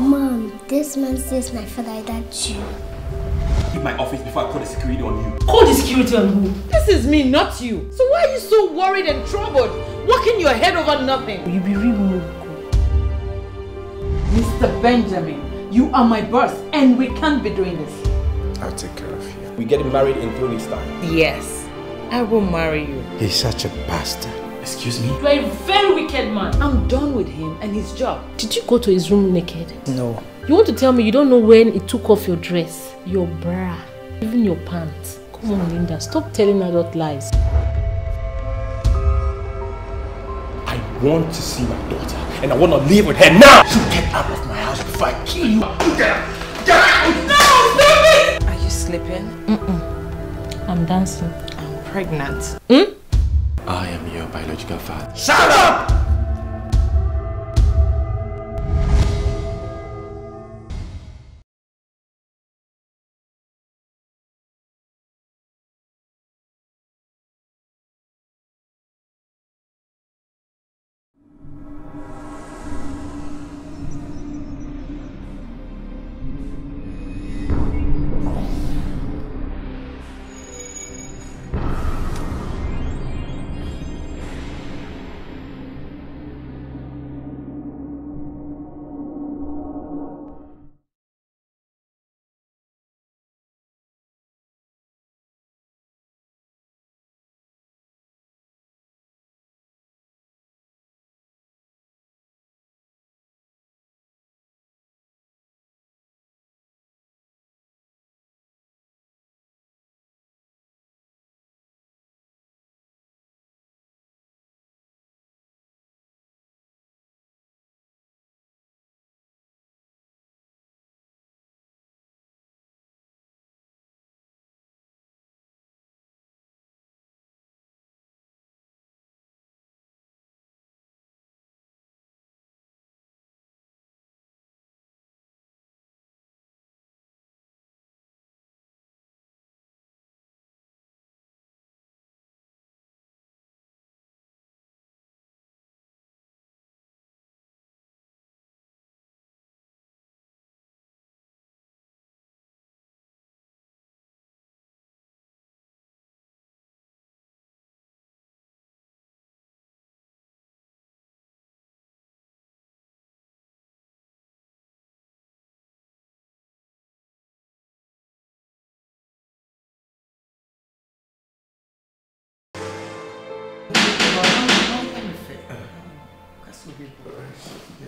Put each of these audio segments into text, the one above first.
Mom, this man says my father either you. Leave my office before I call the security on you. Call the security on who? This is me, not you. So why are you so worried and troubled? Walking your head over nothing. You be real, Mr. Benjamin, you are my boss and we can't be doing this. I'll take care of you. We're getting married in three weeks' time. Yes, I will marry you. He's such a bastard. Excuse me? You are a very wicked man. I'm done with him and his job. Did you go to his room naked? No. You want to tell me you don't know when he took off your dress, your bra, even your pants? Come on, Linda. Stop telling adult lies. I want to see my daughter and I want to live with her now. You get out of my house before I kill you. You get out. Get out. No, stop it. Are you sleeping? Mm-mm. I'm dancing. I'm pregnant. Hmm? pilot Shut up!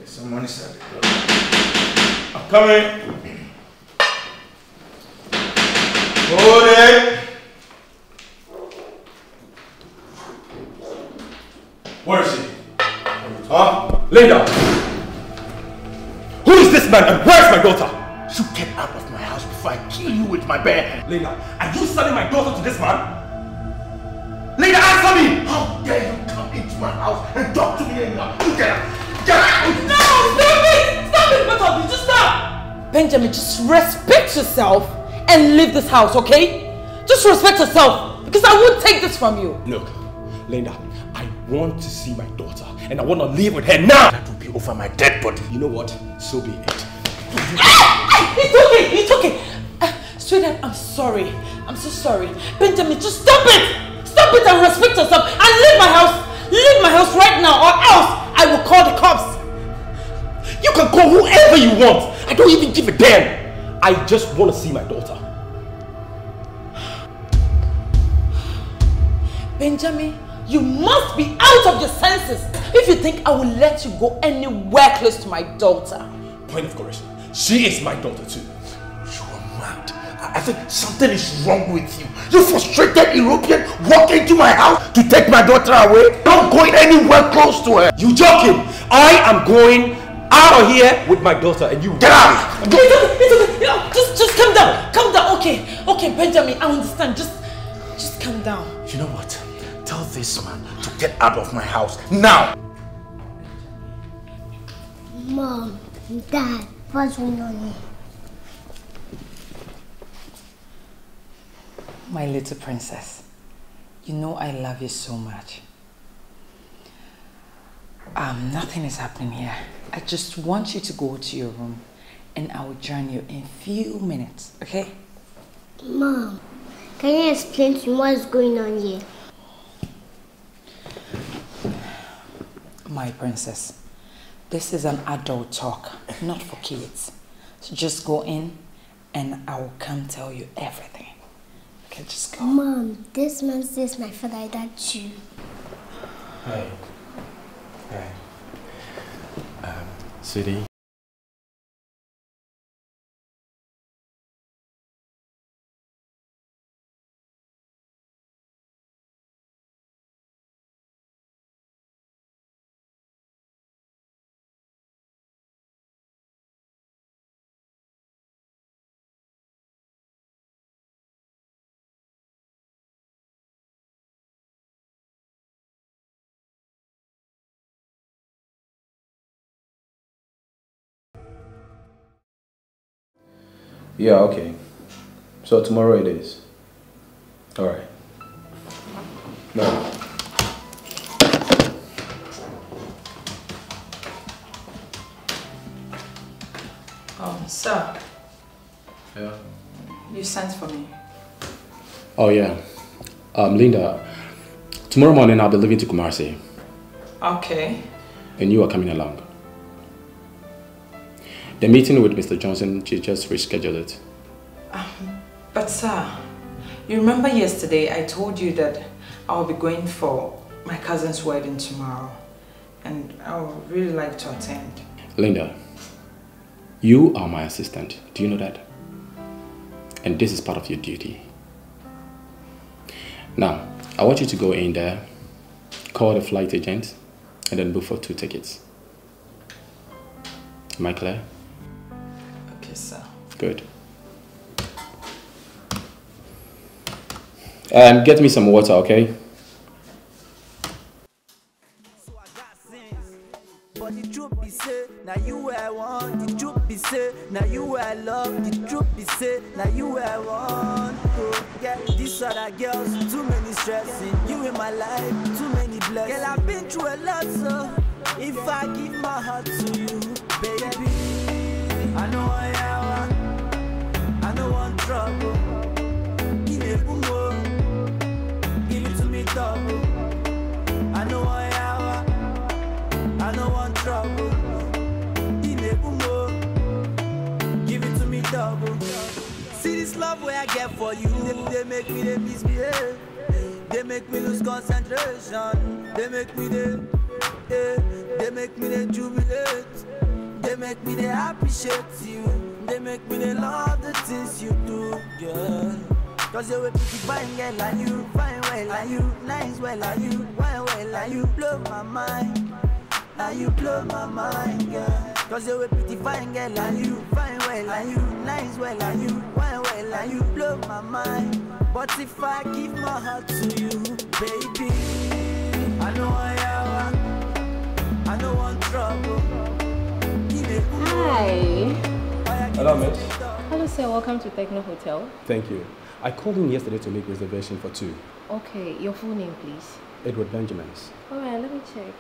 There's someone inside the I'm coming. Hold it. Where is he? Huh? Lay Who is this man and where's my daughter? You get out of my house before I kill you with my bare hand. Lena, are you selling my daughter to this man? Lena, answer me! How dare you come into my house and talk to me, Lena? You get out! Benjamin, just respect yourself and leave this house, okay? Just respect yourself because I won't take this from you. Look, Linda, I want to see my daughter and I want to live with her now. That will be over my dead body. You know what? So be it. it's okay, it's okay. Uh, I'm sorry. I'm so sorry. Benjamin, just stop it! Stop it and respect yourself and leave my house! Leave my house right now or else I will call the cops! You can call whoever you want! I don't even give a damn. I just want to see my daughter. Benjamin, you must be out of your senses if you think I will let you go anywhere close to my daughter. Point of correction. She is my daughter too. You are mad. I, think something is wrong with you. You frustrated European walk into my house to take my daughter away. Not going anywhere close to her. You joking? I am going out of here with my daughter and you get out. It's okay, it's okay. just, just calm down. Calm down. Okay, okay, Benjamin, I understand. Just, just calm down. You know what? Tell this man to get out of my house now. Mom, Dad, what's going on here? My little princess, you know I love you so much. Um, nothing is happening here. I just want you to go to your room and I will join you in few minutes, okay? Mom, can you explain to me what's going on here? My princess, this is an adult talk, not for kids. So just go in and I will come tell you everything. Okay, just go. Mom, this man says my father died You. Hi. Okay. Um, Yeah, okay. So tomorrow it is. All right. No. Um, sir. Yeah. You sent for me. Oh yeah. Um, Linda. Tomorrow morning I'll be leaving to Kumasi. Okay. And you are coming along. The meeting with Mr. Johnson, she just rescheduled it. Um, but sir, you remember yesterday I told you that I'll be going for my cousin's wedding tomorrow and I would really like to attend. Linda, you are my assistant. Do you know that? And this is part of your duty. Now, I want you to go in there, call the flight agent, and then book for two tickets. Am I clear? yourself. Uh, Good. Um, get me some water, okay? now you The truth be now you love. The truth be now you get oh, these other girls, too many stressing. You in my life, too many blessings. Girl, I've been through a lot, so if I give my heart to you, baby. I know I am. I know trouble. Oh. Give it to me double. I know I am. trouble. Oh. Give it to me double. See this love where I get for you. They, make me they misbehave. They make me lose concentration. They make me they, they, eh, they make me they jubilate. They make me they appreciate you. They make me they love the things you do, girl. Cause you're a pretty fine girl like you, fine well like you, nice well like you, wine well like you, blow my mind. Now you blow my mind, girl. Cause you're a pretty fine girl like you, fine well like you, nice well like you, wine well like you, blow my mind. But if I give my heart to you, baby, I know I am. I don't want trouble. Hi. Hello, Mitch. Hello, sir. Welcome to Techno Hotel. Thank you. I called in yesterday to make reservation for two. Okay. Your full name, please. Edward Benjamins. All right. Let me check.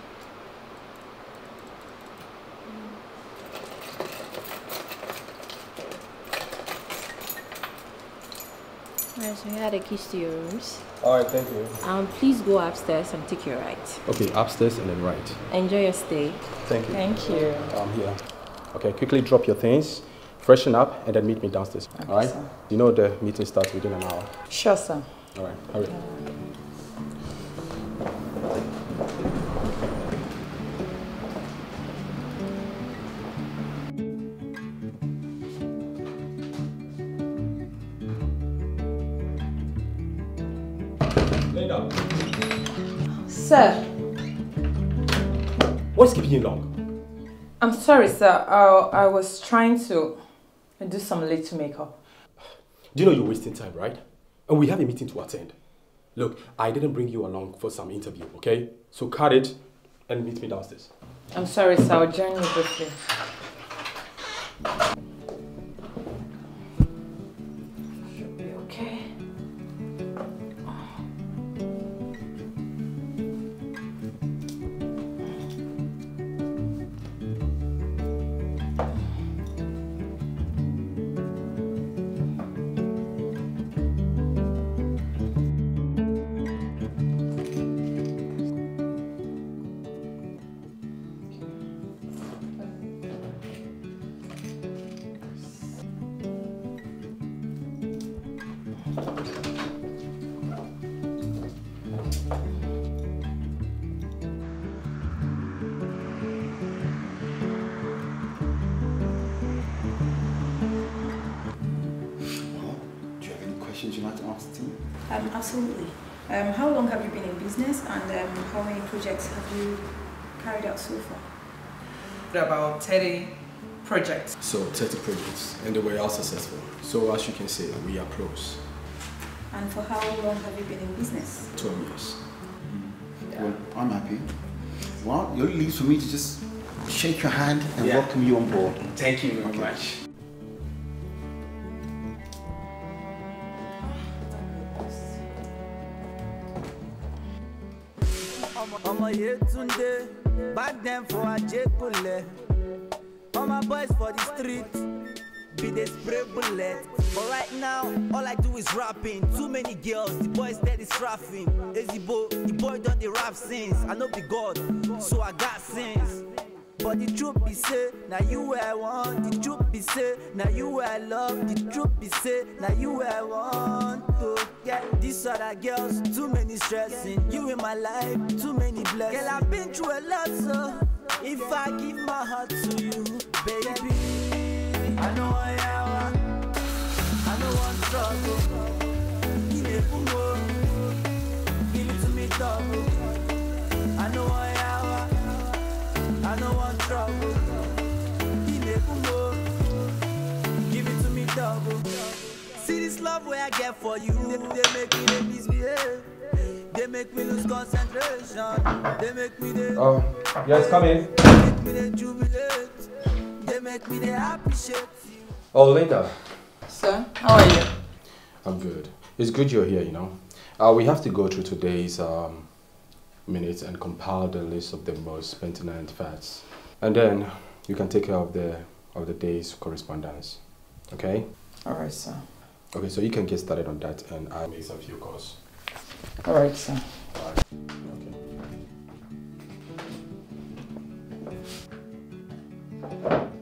Alright, so here are the keys to your rooms. Alright, thank you. Um, please go upstairs and take your right. Okay, upstairs and then right. Enjoy your stay. Thank you. Thank you. I'm here. Okay, quickly drop your things, freshen up, and then meet me downstairs. Okay, All right? Sir. You know the meeting starts within an hour. Sure, sir. All right, hurry. Lay down. Sir. What's keeping you long? I'm sorry, sir. I, I was trying to do some little makeup. Do you know you're wasting time, right? And we have a meeting to attend. Look, I didn't bring you along for some interview, okay? So cut it and meet me downstairs. I'm sorry, sir. I'll join you briefly. Um, how many projects have you carried out so far? There are about 30 projects. So 30 projects and they were all successful. So as you can see, we are pros. And for how long have you been in business? 12 years. Yeah. Well, I'm happy. Well, it only leaves for me to just shake your hand and yeah. welcome you on board. Thank you very okay. much. Yetunde, back them for Ajekule. All my boys for the street, be the spray bullet. But right now, all I do is rapping. Too many girls, the boys that is rapping. Ezibo, the boy done the rap since. I know the God, so I got sense. But the truth be say, now you I want. The truth be say, now you I love. The truth be say, now you I want to get these other girls. Too many stressing. You in my life, too many blessings. Girl, I've been through a lot, so if I give my heart to you, baby, I know I am. I know one struggle. Give me more. Give it to me double. This love where I get for you, they, they make me they misbehave. They make me lose concentration. They make me they. Oh, yes, come in. They make me they jubilate. They make me they appreciate you. Oh, Linda. Sir, how are you? I'm good. It's good you're here, you know. Uh, we have to go through today's um, minutes and compile the list of the most pertinent facts. And then you can take care of the of the day's correspondence. Okay? All right, sir. Okay, so you can get started on that and I'll make some few calls. All right, sir. All right. Okay. Thank you.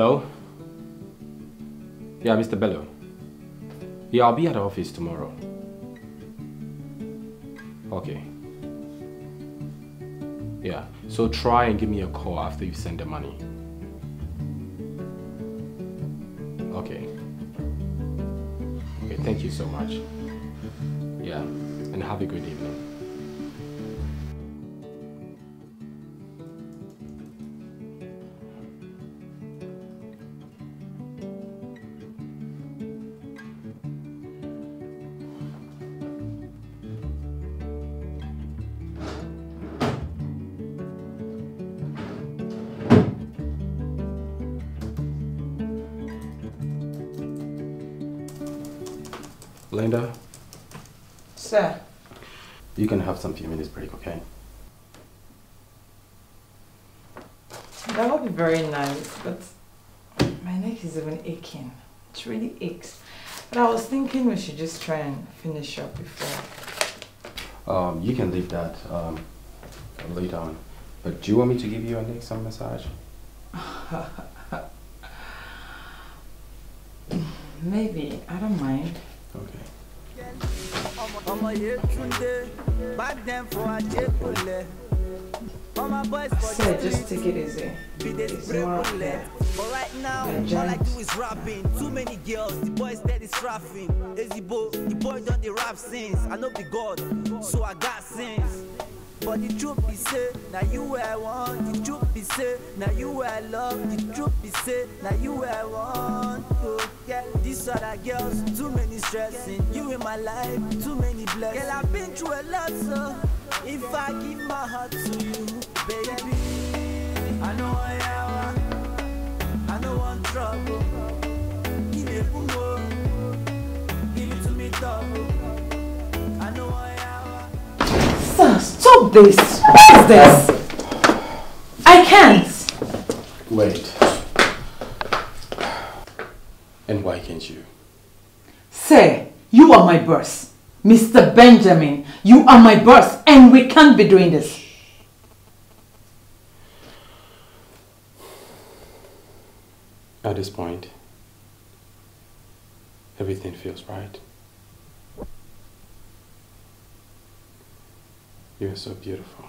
Hello. Yeah, Mr. Bellow. Yeah, I'll be at the office tomorrow. Okay. Yeah, so try and give me a call after you send the money. Okay. Okay, thank you so much. Yeah, and have a good evening. Linda? Sir? You can have some few minutes break, okay? That would be very nice, but my neck is even aching. It really aches. But I was thinking we should just try and finish up before. Um, you can leave that um, later on. But do you want me to give you a neck some massage? Maybe. I don't mind. Okay. said just take it easy. But right now, all I do is rapping. Too many girls, the boys that is rapping. Easy boy, the boy done the rap since. I know the God, so I got sins. But the truth be say, now you where I want. The truth be say, now you where I love. The truth be say, now you where I want. Oh, yeah, these other girls, too many stressing. You in my life, too many blessings. Girl, I've been through a lot, so if I give my heart to you, baby, I know I am. I know I'm trouble. You never know. Stop this! What is this? I can't! Wait. And why can't you? Sir, you are my boss. Mr. Benjamin, you are my boss and we can't be doing this. At this point, everything feels right. You're so beautiful.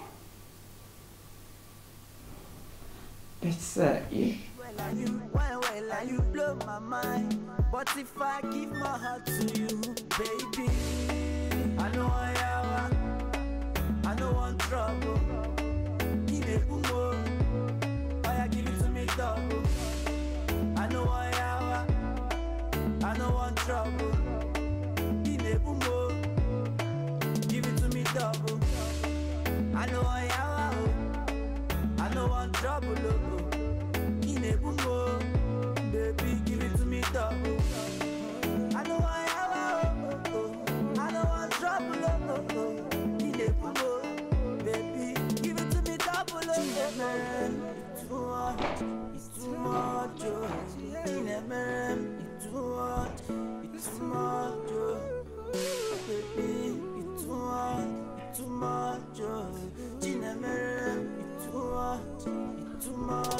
That's uh, you. You blow my mind, if I give my heart to you, baby, I know I I know I'm trouble. a I give it to me double. I know I I know I'm trouble. trouble, oh. In a boom, baby, give it to me double. my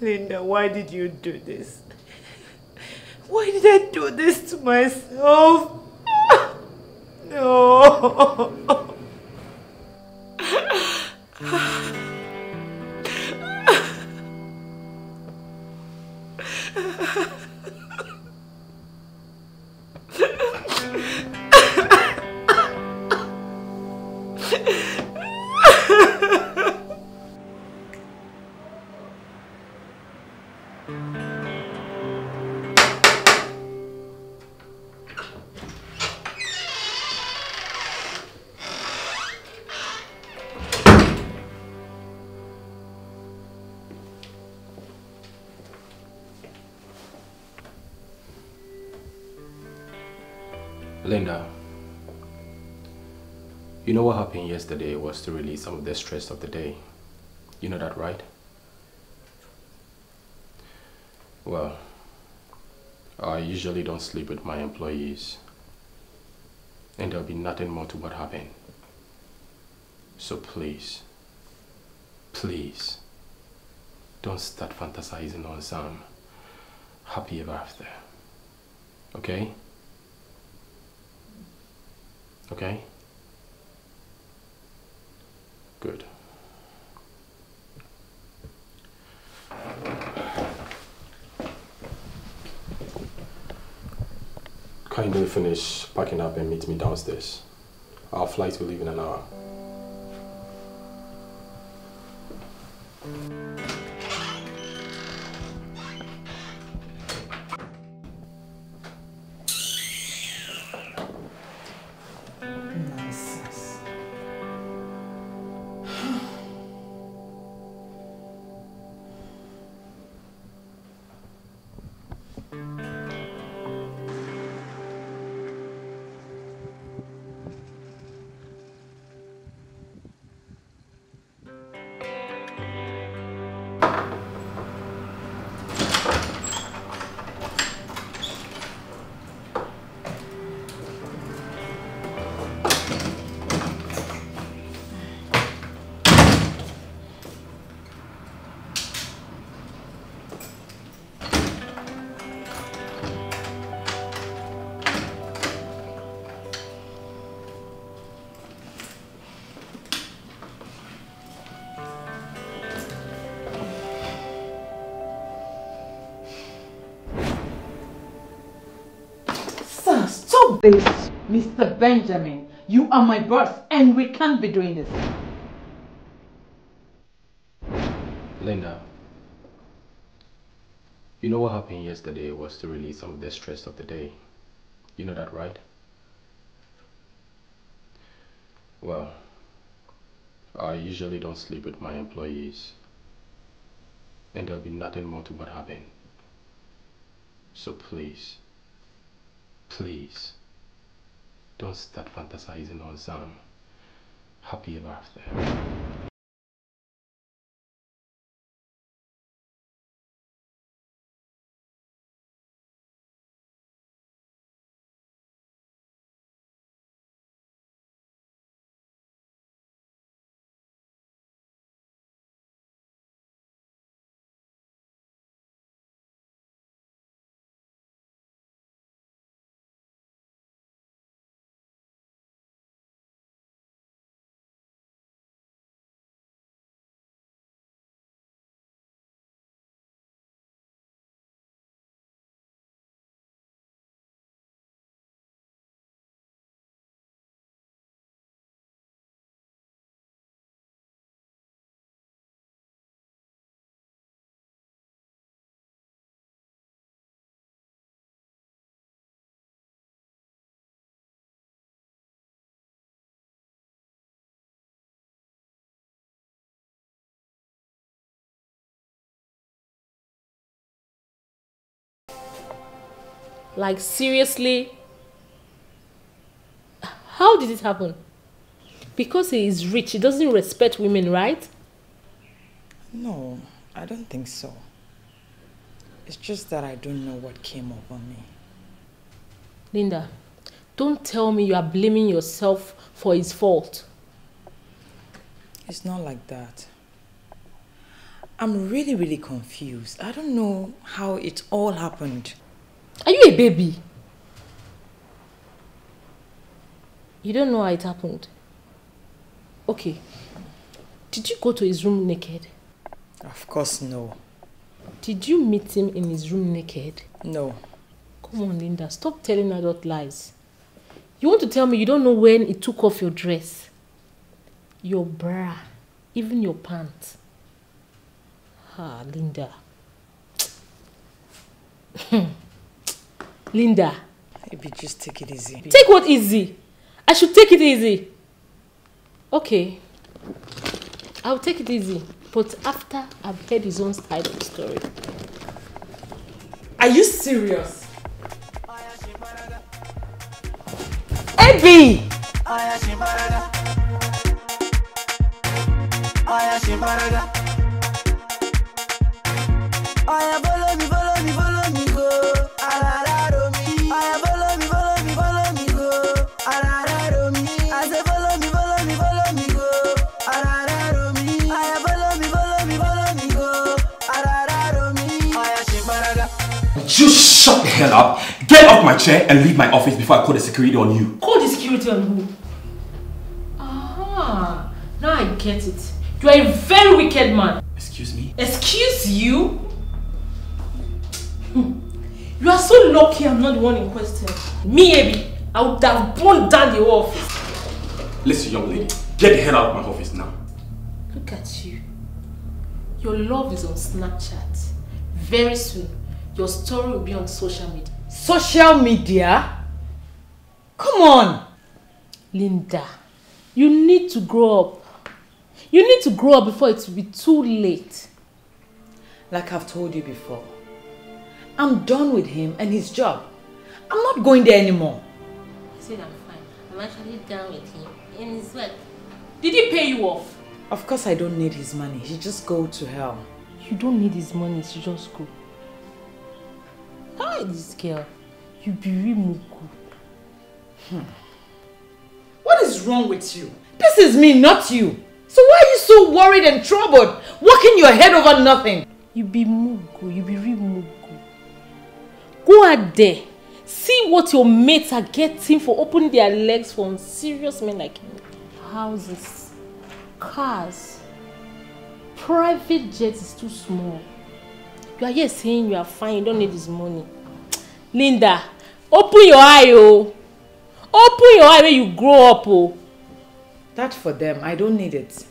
Linda, why did you do this? Why did I do this to myself? no. know what happened yesterday was to release some of the stress of the day. You know that, right? Well, I usually don't sleep with my employees. And there'll be nothing more to what happened. So please, please, don't start fantasizing on some happy ever after. Okay? Okay? Good. Kindly finish packing up and meet me downstairs. Our flight will leave in an hour. this. Mr. Benjamin, you are my boss and we can't be doing this. Linda, you know what happened yesterday was to release some of the stress of the day. You know that, right? Well, I usually don't sleep with my employees. And there'll be nothing more to what happened. So please, please, don't start fantasizing or some happy ever after. Like, seriously? How did it happen? Because he is rich, he doesn't respect women, right? No, I don't think so. It's just that I don't know what came over me. Linda, don't tell me you are blaming yourself for his fault. It's not like that. I'm really, really confused. I don't know how it all happened. Are you a baby? You don't know how it happened. Okay. Did you go to his room naked? Of course, no. Did you meet him in his room naked? No. Come on, Linda. Stop telling adult lies. You want to tell me you don't know when he took off your dress, your bra, even your pants. Ah, Linda. Hmm. Linda. Maybe just take it easy. Take what easy? I should take it easy. Okay. I'll take it easy. But after I've heard his own side of the story. Are you serious? Ebi! Ayashimbaraga. Ayashimbaraga. hell up, get off my chair and leave my office before I call the security on you. Call the security on who? Ah, now I get it. You are a very wicked man. Excuse me? Excuse you? Hmm. You are so lucky I'm not the one in question. Me, Abby, I would have burned down the office. Listen, young lady, get the hell out of my office now. Look at you. Your love is on Snapchat. Very soon, your story will be on social media. Social media? Come on! Linda, you need to grow up. You need to grow up before it will be too late. Like I've told you before, I'm done with him and his job. I'm not going there anymore. I said I'm fine. I'm actually done with him and his work. Did he pay you off? Of course I don't need his money. He just go to hell. You don't need his money. She just go. Hi, this girl. You be Muku. Hmm. What is wrong with you? This is me, not you. So why are you so worried and troubled, walking your head over nothing? You be Mugu, you be real Mugu. Go out there, see what your mates are getting for opening their legs for serious men like you. Houses, cars, private jets is too small. You are here saying you are fine, you don't need this money. Linda, open your eye, oh. Open your eye when you grow up, oh. That's for them. I don't need it.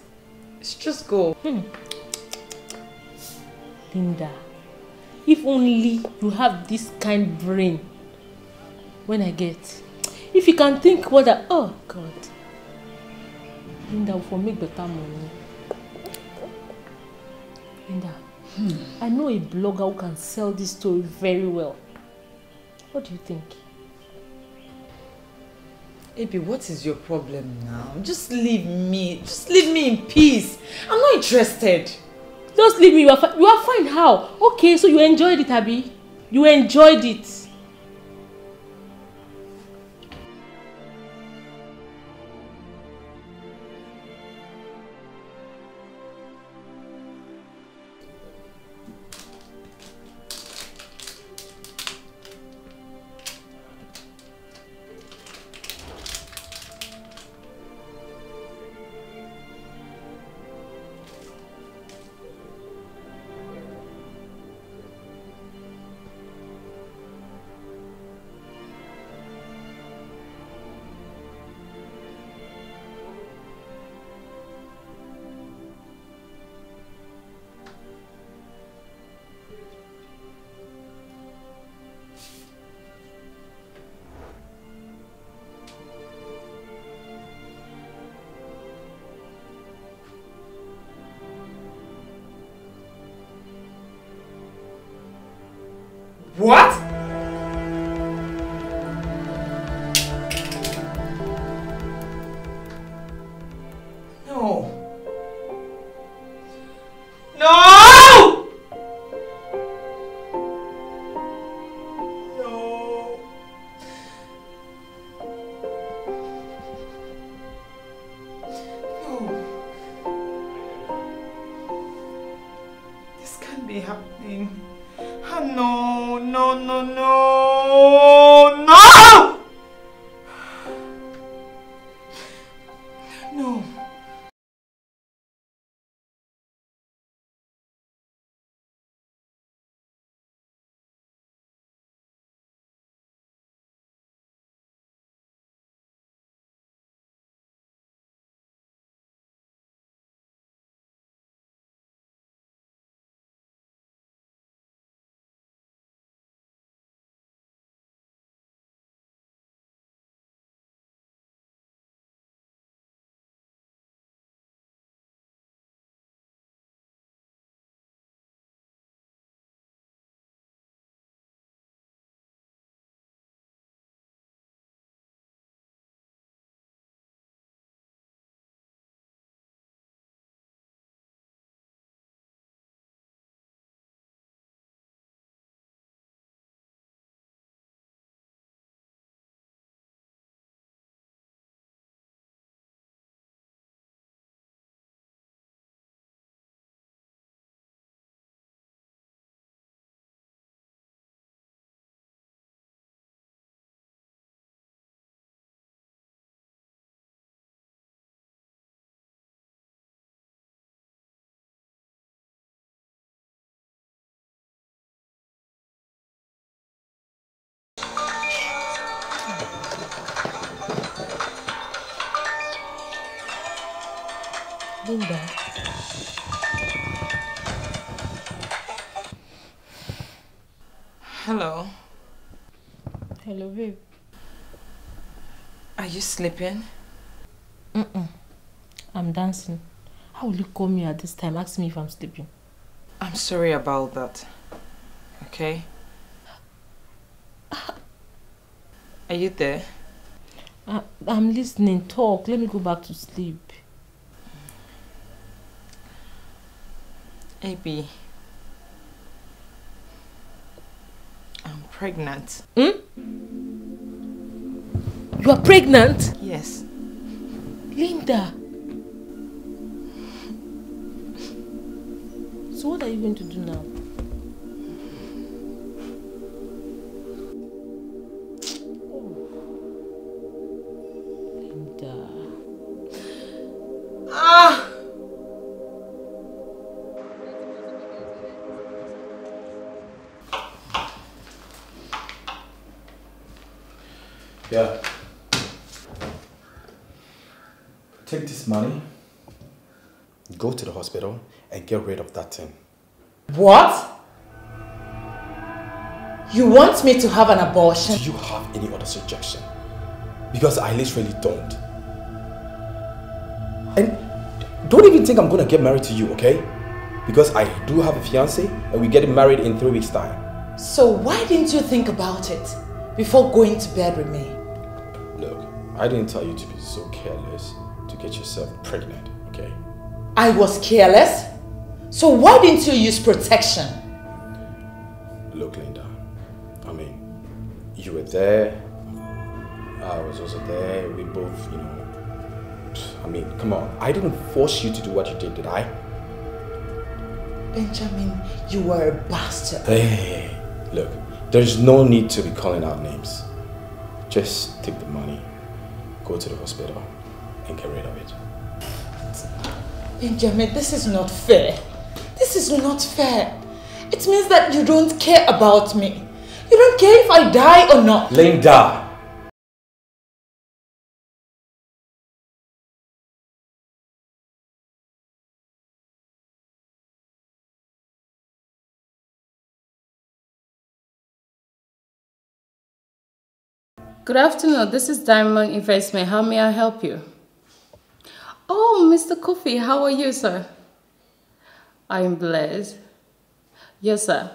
It's just go. Hmm. Linda, if only you have this kind brain when I get. If you can think what I, oh God. Linda, for make better money. Linda. I know a blogger who can sell this story very well. What do you think? Abi, what is your problem now? Just leave me. Just leave me in peace. I'm not interested. Just leave me. You are, you are fine. How? Okay, so you enjoyed it, Abi. You enjoyed it. Hello. Hello, babe. Are you sleeping? Mm-mm. I'm dancing. How will you call me at this time? Ask me if I'm sleeping. I'm sorry about that. Okay? Are you there? I, uh, I'm listening. Talk. Let me go back to sleep. AB. I'm pregnant. Hmm? You are pregnant? Yes. Linda. So what are you going to do now? money, go to the hospital and get rid of that thing. What? You want me to have an abortion? Do you have any other suggestion? Because I literally don't. And don't even think I'm gonna get married to you, okay? Because I do have a fiance and we're getting married in three weeks' time. So why didn't you think about it before going to bed with me? Look, I didn't tell you to be so careless to get yourself pregnant, okay? I was careless. So why didn't you use protection? Look, Linda, I mean, you were there. I was also there. We both, you know. I mean, come on. I didn't force you to do what you did, did I? Benjamin, you were a bastard. Hey, look, there's no need to be calling out names. Just take the money, go to the hospital, and get rid of it. Benjamin, this is not fair. This is not fair. It means that you don't care about me. You don't care if I die or not. Linda! Good afternoon. This is Diamond Investment. How may I help you? Oh, Mr. Kofi, how are you, sir? I'm blessed. Yes, sir.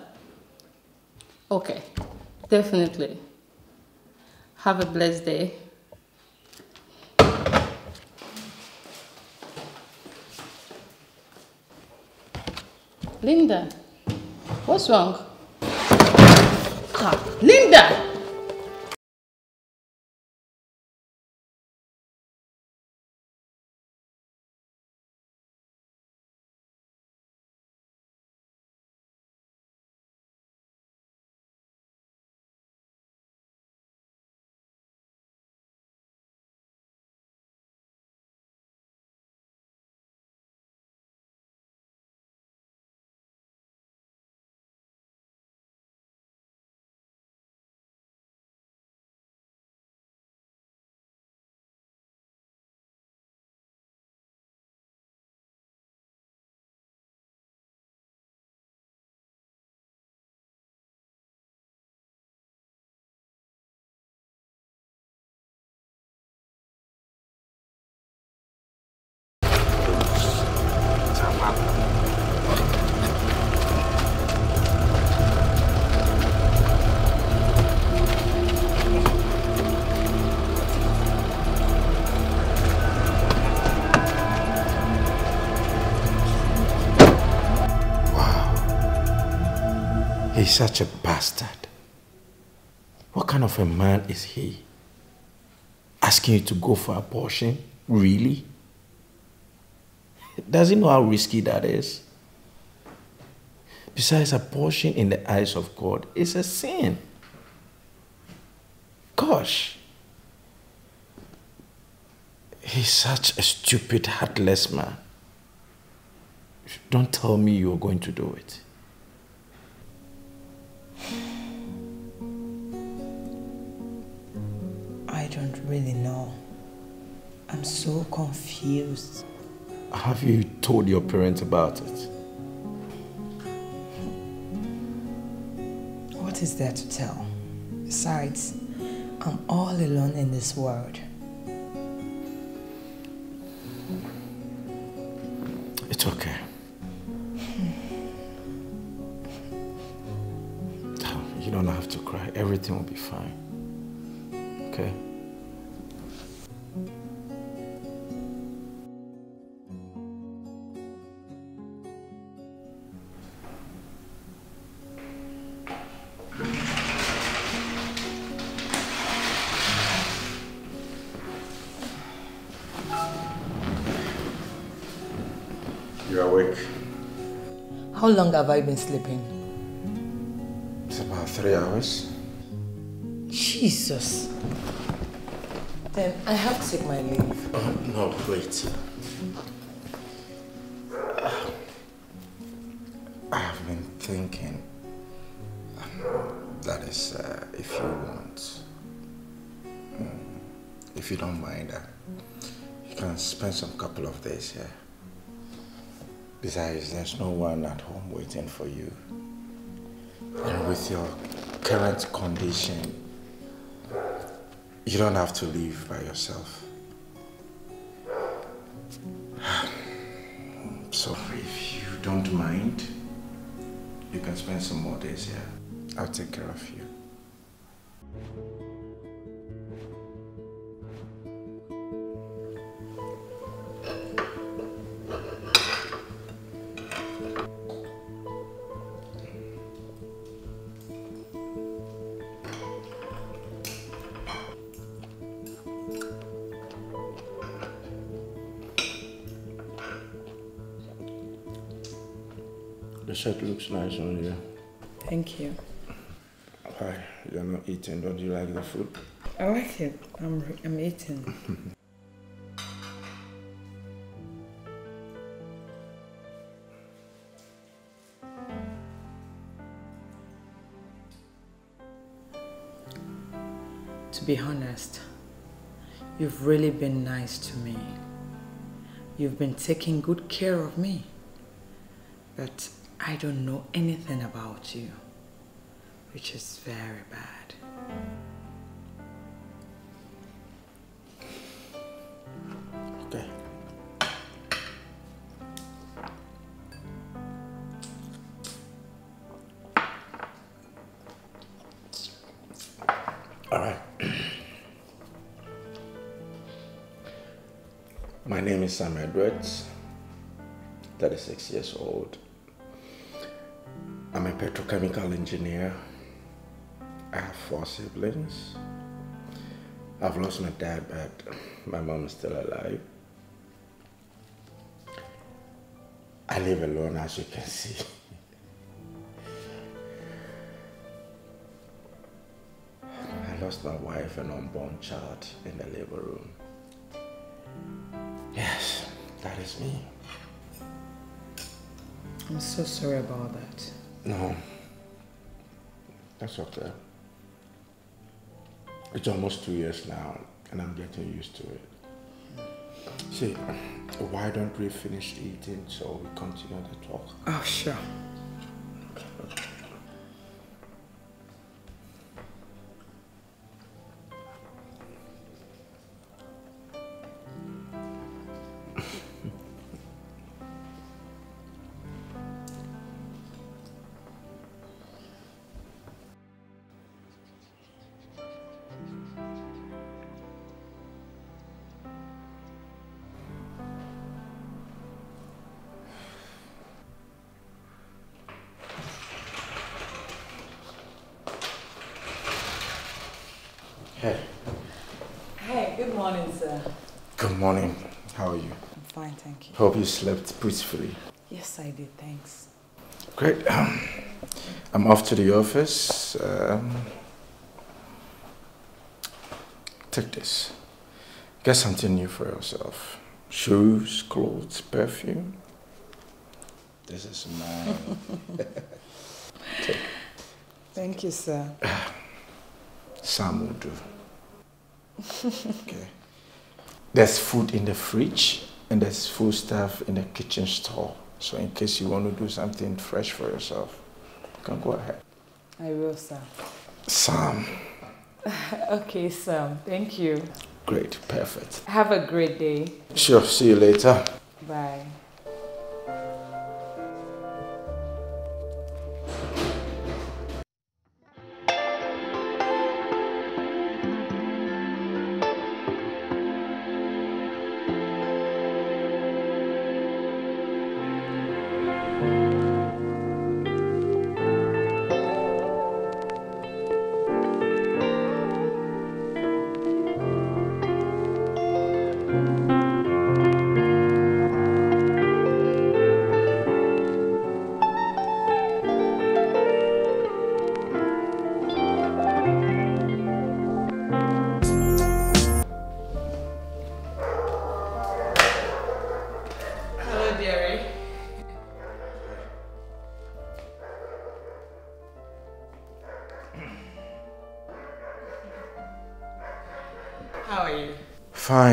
Okay, definitely. Have a blessed day. Linda, what's wrong? Ah, Linda! is such a bastard. What kind of a man is he? Asking you to go for abortion? Really? Does he know how risky that is? Besides, abortion in the eyes of God is a sin. Gosh. He's such a stupid, heartless man. Don't tell me you're going to do it. I don't really know. I'm so confused. Have you told your parents about it? What is there to tell? Besides, I'm all alone in this world. It's okay. You don't have to cry. Everything will be fine. Okay? You're awake. How long have I been sleeping? three hours. Jesus. Then I have to take my leave. Oh, no, wait. I have been thinking. Um, that is, uh, if you want. Hmm, if you don't mind, uh, you can spend some couple of days here. Besides, there's no one at home waiting for you. And with your current condition, you don't have to live by yourself. So if you don't mind, you can spend some more days here. I'll take care of you. shirt looks nice on you. Thank you. Why? You're not eating. Don't you like the food? I like it. I'm, I'm eating. to be honest, you've really been nice to me. You've been taking good care of me. But I don't know anything about you, which is very bad. Okay. All right. My name is Sam Edwards, 36 years old petrochemical engineer. I have four siblings. I've lost my dad, but my mom is still alive. I live alone, as you can see. I lost my wife and unborn child in the labor room. Yes, that is me. I'm so sorry about that. No. That's okay. Uh, it's almost two years now, and I'm getting used to it. See, why don't we finish eating so we continue the talk? Oh, sure. Hope you slept peacefully. Yes, I did. Thanks. Great. Um, I'm off to the office. Um, take this. Get something new for yourself. Shoes, clothes, perfume. This is mine. Thank you, sir. Sam will do. okay. There's food in the fridge. And there's food stuff in the kitchen stall. So in case you want to do something fresh for yourself, you can go ahead. I will, sir. Sam. okay, Sam. Thank you. Great. Perfect. Have a great day. Sure. See you later. Bye.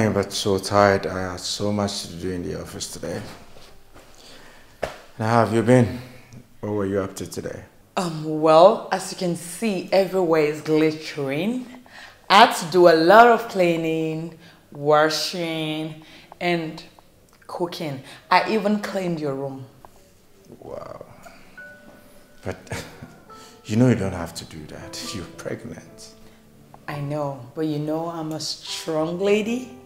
fine but so tired. I had so much to do in the office today. Now, how have you been? What were you up to today? Um, well, as you can see, everywhere is glittering. I had to do a lot of cleaning, washing, and cooking. I even cleaned your room. Wow. But you know you don't have to do that. You're pregnant. I know, but you know I'm a strong lady.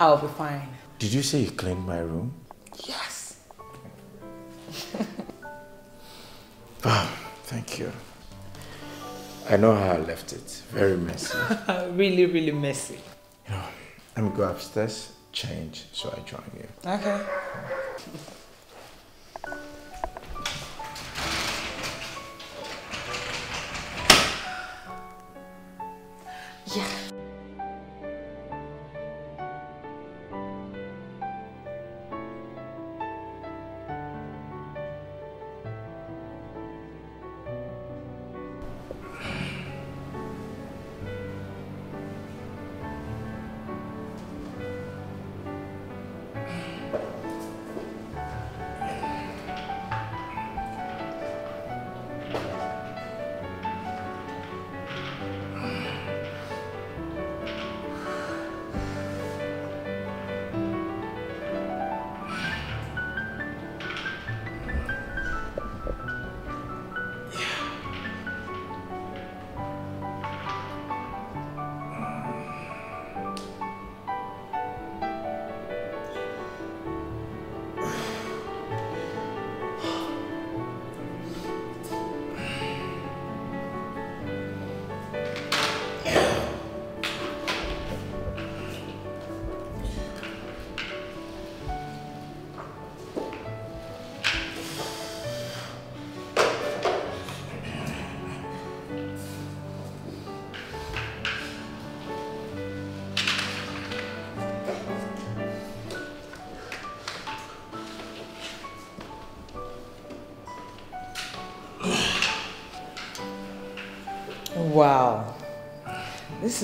I'll be fine. Did you say you cleaned my room? Yes. oh, thank you. I know how I left it. Very messy. really, really messy. You know, I'm going go upstairs, change, so I join you. Okay.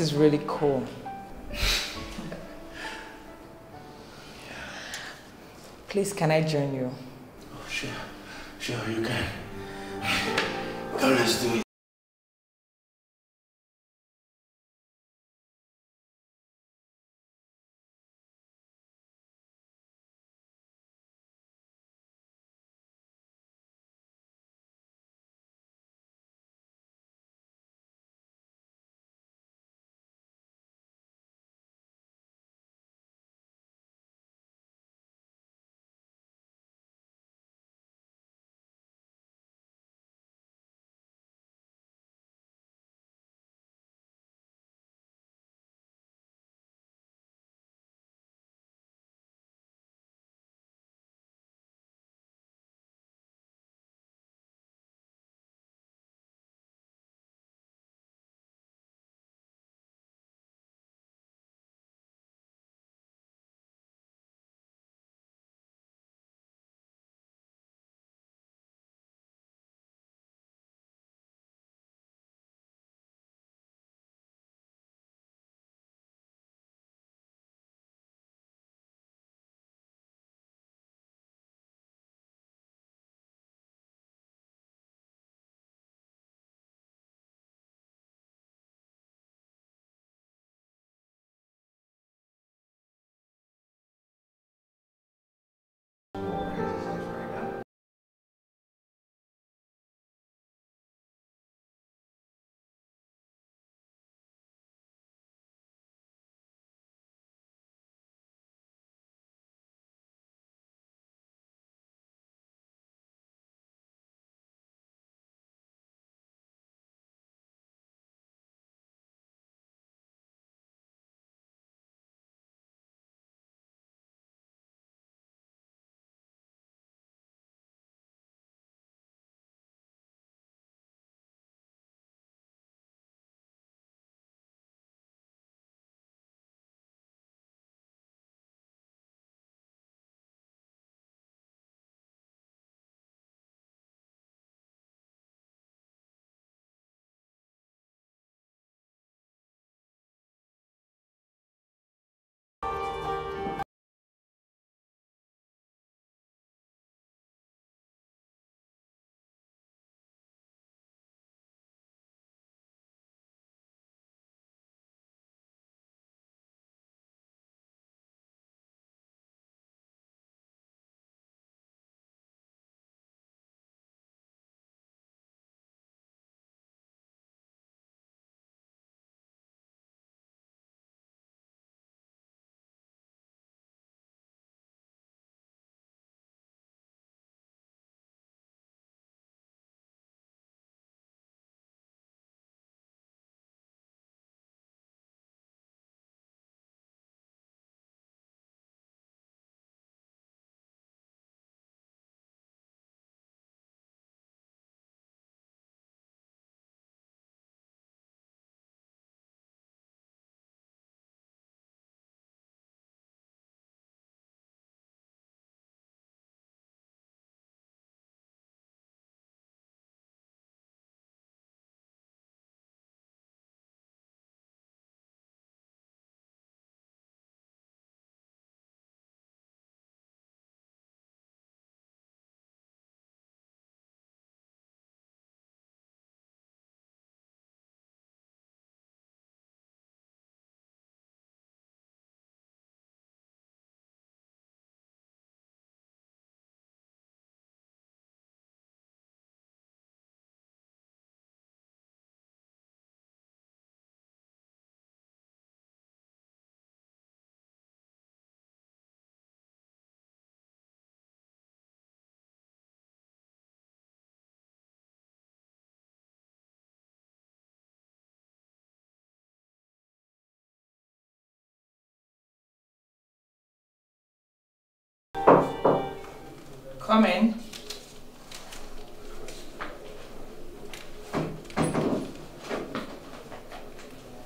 is really cool. Please, can I join you? Oh, sure. Sure, you can. Come, let's do it. come in.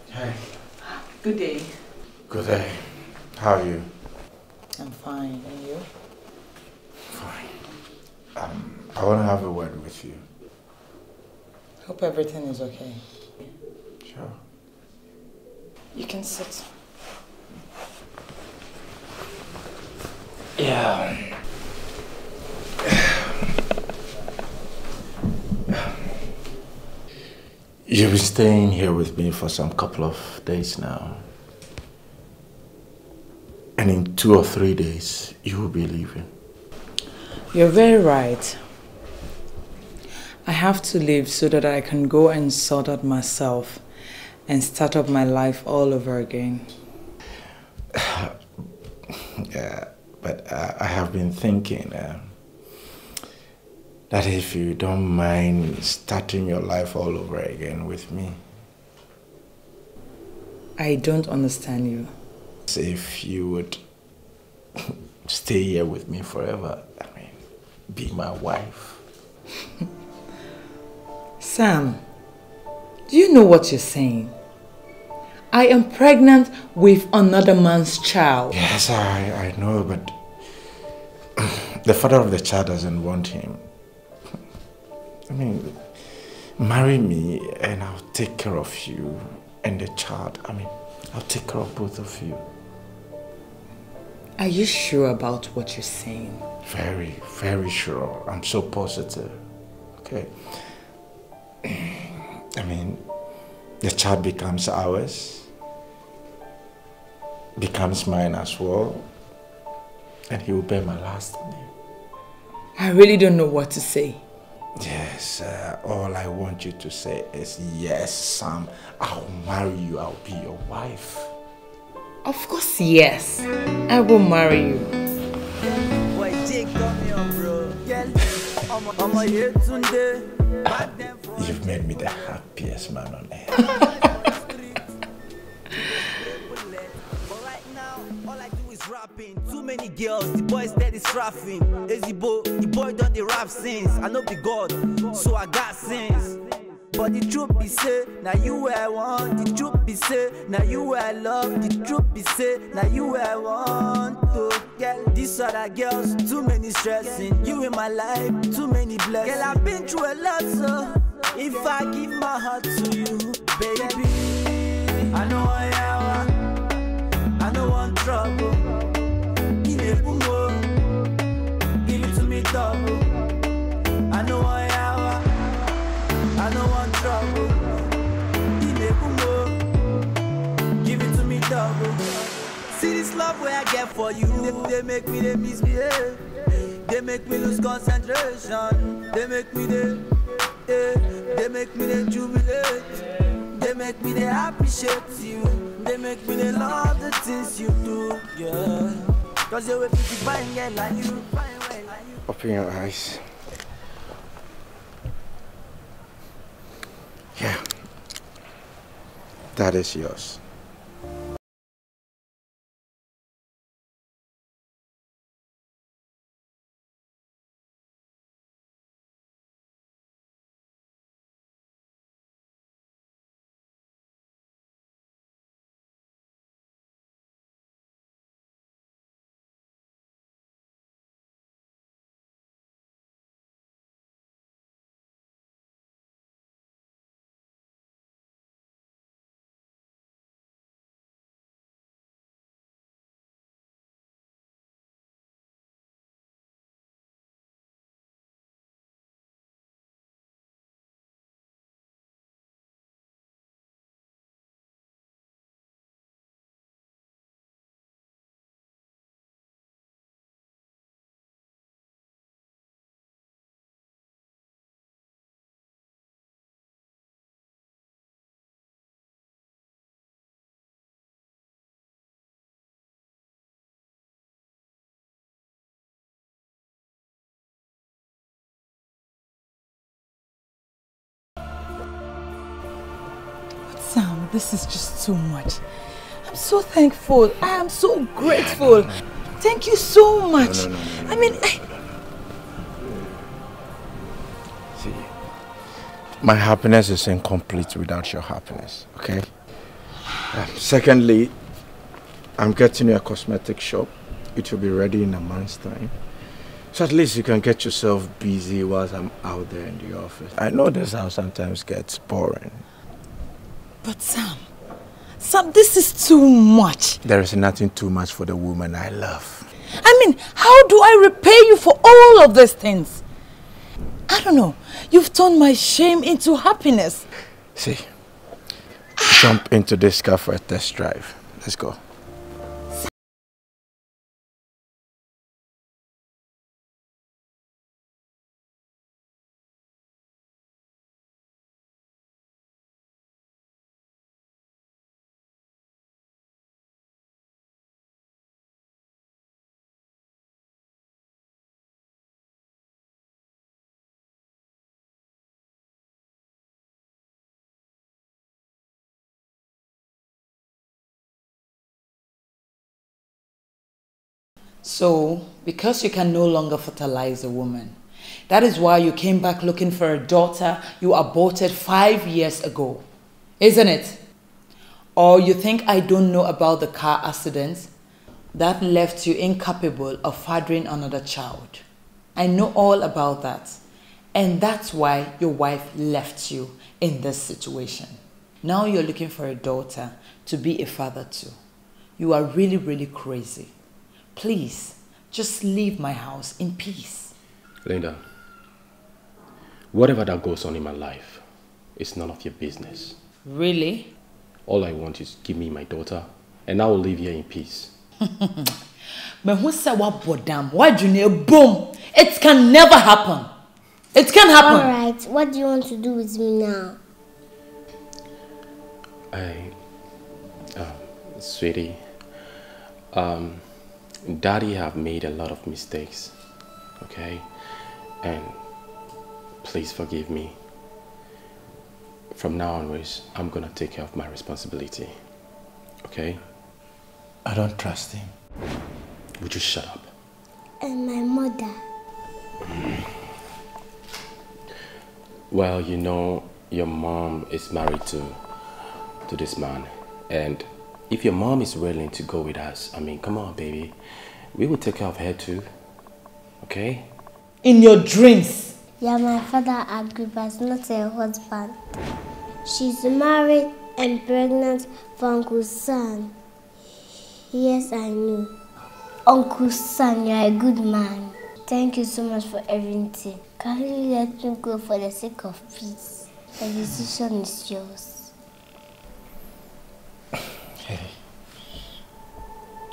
Hey. Good day. Good day. How are you? I'm fine. And you? Fine. Um, I want to have a word with you. Hope everything is okay. Sure. You can sit. Yeah. You've been staying here with me for some couple of days now. And in two or three days, you will be leaving. You're very right. I have to leave so that I can go and sort out myself and start up my life all over again. yeah, but I, I have been thinking. Uh, that if you don't mind starting your life all over again with me. I don't understand you. If you would stay here with me forever, I mean, be my wife. Sam, do you know what you're saying? I am pregnant with another man's child. Yes, I, I know, but the father of the child doesn't want him. I mean, marry me and I'll take care of you and the child. I mean, I'll take care of both of you. Are you sure about what you're saying? Very, very sure. I'm so positive. Okay. I mean, the child becomes ours, becomes mine as well, and he will bear my last name. I really don't know what to say. Yes, uh, all I want you to say is yes, Sam. I'll marry you. I'll be your wife. Of course, yes. I will marry you. You've made me the happiest man on earth. rapping. Too many girls, the boy steady strapping. boy, the boy done the rap since. I know be God, so I got sins. But the truth be say, now you I want. The truth be say, now you I love. The truth be say, now you I want to get these other girls. Too many stressing. You in my life, too many blessings. Girl, I've been through a lot, so if I give my heart to you, baby, I know I am. I don't want trouble. Give it to me double. I know I hour. I know I'm trouble. Give it to me double. See this love where I get for you. They, they make me they misbehave. They make me lose concentration. They make me they, eh, they make me they jubilate. They make me they appreciate you. They make me they love the things you do. Yeah. Cause you fine like you. Open your eyes. Yeah. That is yours. This is just too much. I'm so thankful. I am so grateful. Thank you so much. No, no, no, I mean, I... See, my happiness is incomplete without your happiness, okay? Um, secondly, I'm getting you a cosmetic shop. It will be ready in a month's time. So at least you can get yourself busy whilst I'm out there in the office. I know this house sometimes gets boring. But Sam, Sam, this is too much. There is nothing too much for the woman I love. I mean, how do I repay you for all of these things? I don't know. You've turned my shame into happiness. See, jump into this car for a test drive. Let's go. So, because you can no longer fertilize a woman, that is why you came back looking for a daughter you aborted five years ago, isn't it? Or you think I don't know about the car accident that left you incapable of fathering another child. I know all about that. And that's why your wife left you in this situation. Now you're looking for a daughter to be a father to. You are really, really crazy. Please, just leave my house in peace. Linda, whatever that goes on in my life, it's none of your business. Really? All I want is give me my daughter, and I will live here in peace. But who said what bodam? Why do you boom? It can never happen. It can happen. Alright, what do you want to do with me now? I, uh, sweetie, um, daddy have made a lot of mistakes okay and please forgive me from now onwards i'm gonna take care of my responsibility okay i don't trust him would you shut up and my mother well you know your mom is married to to this man and if your mom is willing to go with us, I mean, come on, baby. We will take care of her too. Okay? In your dreams. Yeah, my father agreed, but not a husband. She's married and pregnant for Uncle Sam. Yes, I know. Uncle Sam, you're a good man. Thank you so much for everything. Can you let me go for the sake of peace? The decision is yours.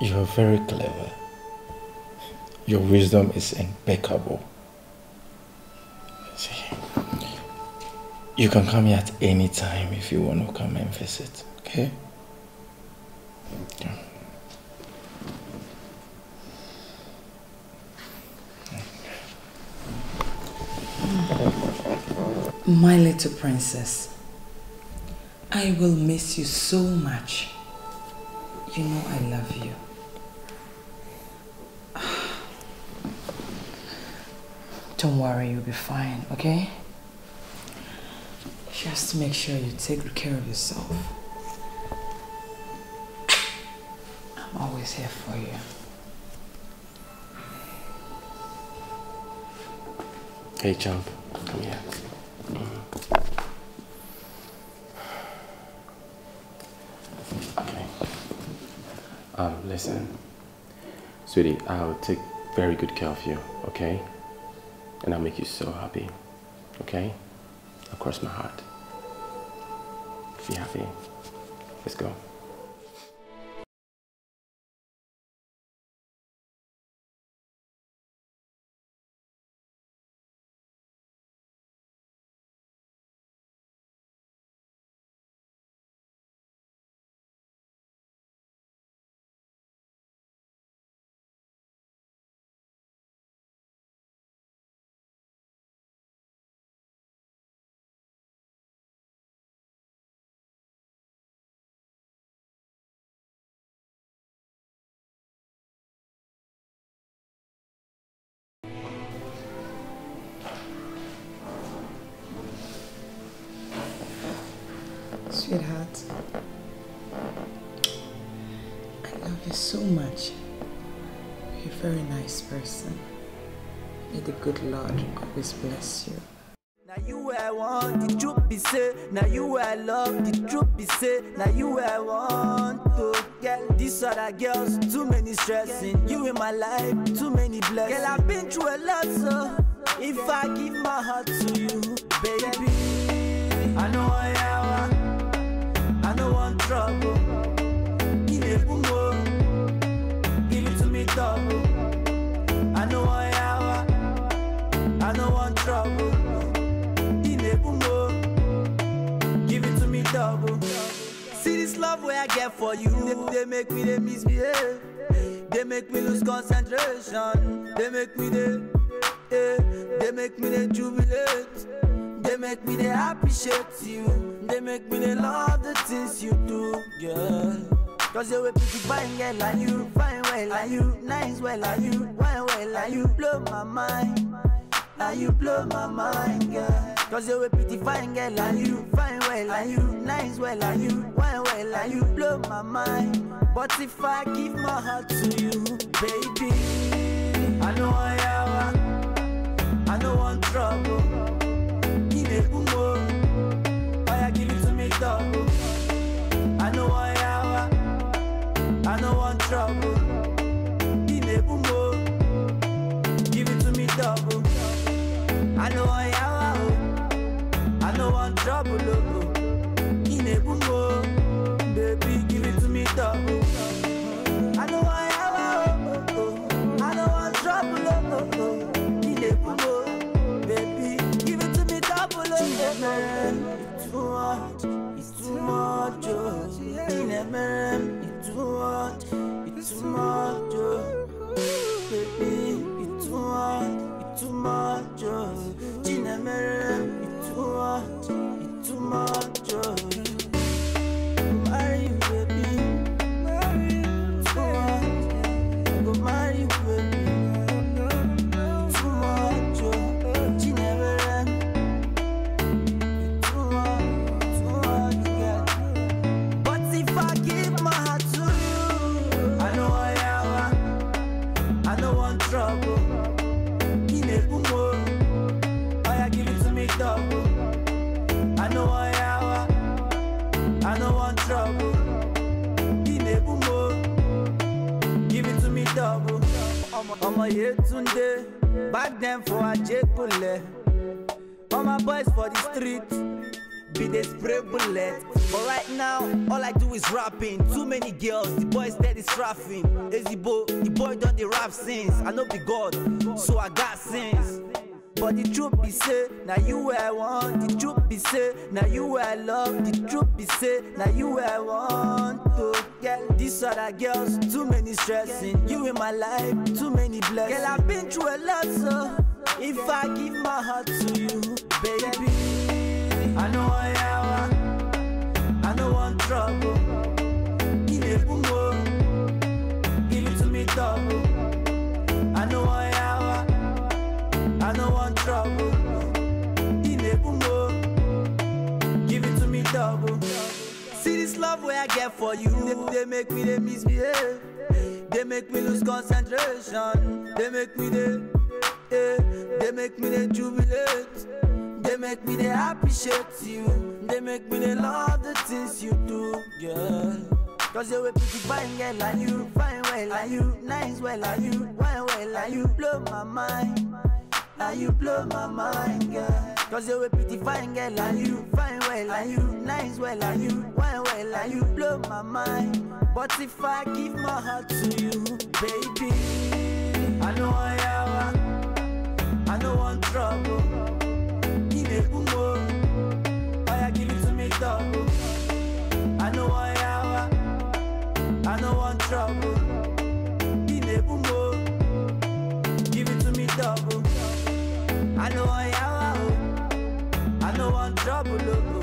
You are very clever. Your wisdom is impeccable. See, you can come here at any time if you want to come and visit, okay? My little princess, I will miss you so much. You know I love you. Don't worry, you'll be fine, okay? Just make sure you take good care of yourself. I'm always here for you. Hey, Jump. Come here. Mm. Okay. Um, listen. Sweetie, I'll take very good care of you, okay? and I'll make you so happy. Okay? Across my heart. Be happy. Let's go. Good Lord, always bless you. Now you I want, the truth be say. Now you I love, the truth be say. Now you I want to get these other girls. Too many stressing, you in my life, too many blessings. Girl, I've been through a lot, so if I give my heart to you, baby. I know I am, I know I'm trouble. Oh. Give it to me double. love where I get for you. They, they make me they misbehave. They make me lose concentration. They make me they, they, eh. they make me they jubilate. They make me they appreciate you. They make me they love the things you do, girl. Cause you a pretty fine girl like you, fine well Are you, nice well Are you, wine well like you, blow my mind, like you blow my mind, girl. Cause you're a pretty fine girl and you fine well and you nice well and you wine well and you blow my mind. But if I give my heart to you, baby, I know I am. I know I'm trouble. Give it more. I give it to me double. trouble, oh, oh, baby, give it to me double. I don't oh, oh. want trouble, oh, in a boom, oh, baby, give it to me double, oh, It's too much, it's too much, oh, it's too much, it's too much, baby, it's too much, it's too much, oh. tomorrow. ọmọ Yetunde back dem for Ajegunle all my boys for the street be dey spray bullet but right now all I do is rapping too many girls the boys there dey strapping boy, the boy don dey rap since I no be God so I got sense. But the truth be say, now you I want. The truth be say, now you I love. The truth be say, now you I want to get these other girls. Too many stressing. You in my life, too many blessings. Girl, I've been through a lot, so if I give my heart to you, baby. I know I am. I know I'm trouble. Oh. Give it to me double. I know I. I get for you. They, they make me they misbehave. They make me lose concentration. They make me they, yeah. they make me they jubilate. They make me they appreciate you. They make me they love the things you do, girl. Cause you a pretty fine girl like you, fine well like you, nice well like you, wine well like you, blow my mind. And you blow my mind, girl. Cause you're a pretty fine girl, and you fine well, and you nice well, and you wine well, and you blow my mind. But if I give my heart to you, baby, I know I am. I know I'm trouble. Give it more. I give it to me double. I know I am. I know I'm trouble. know I am. I know I'm trouble.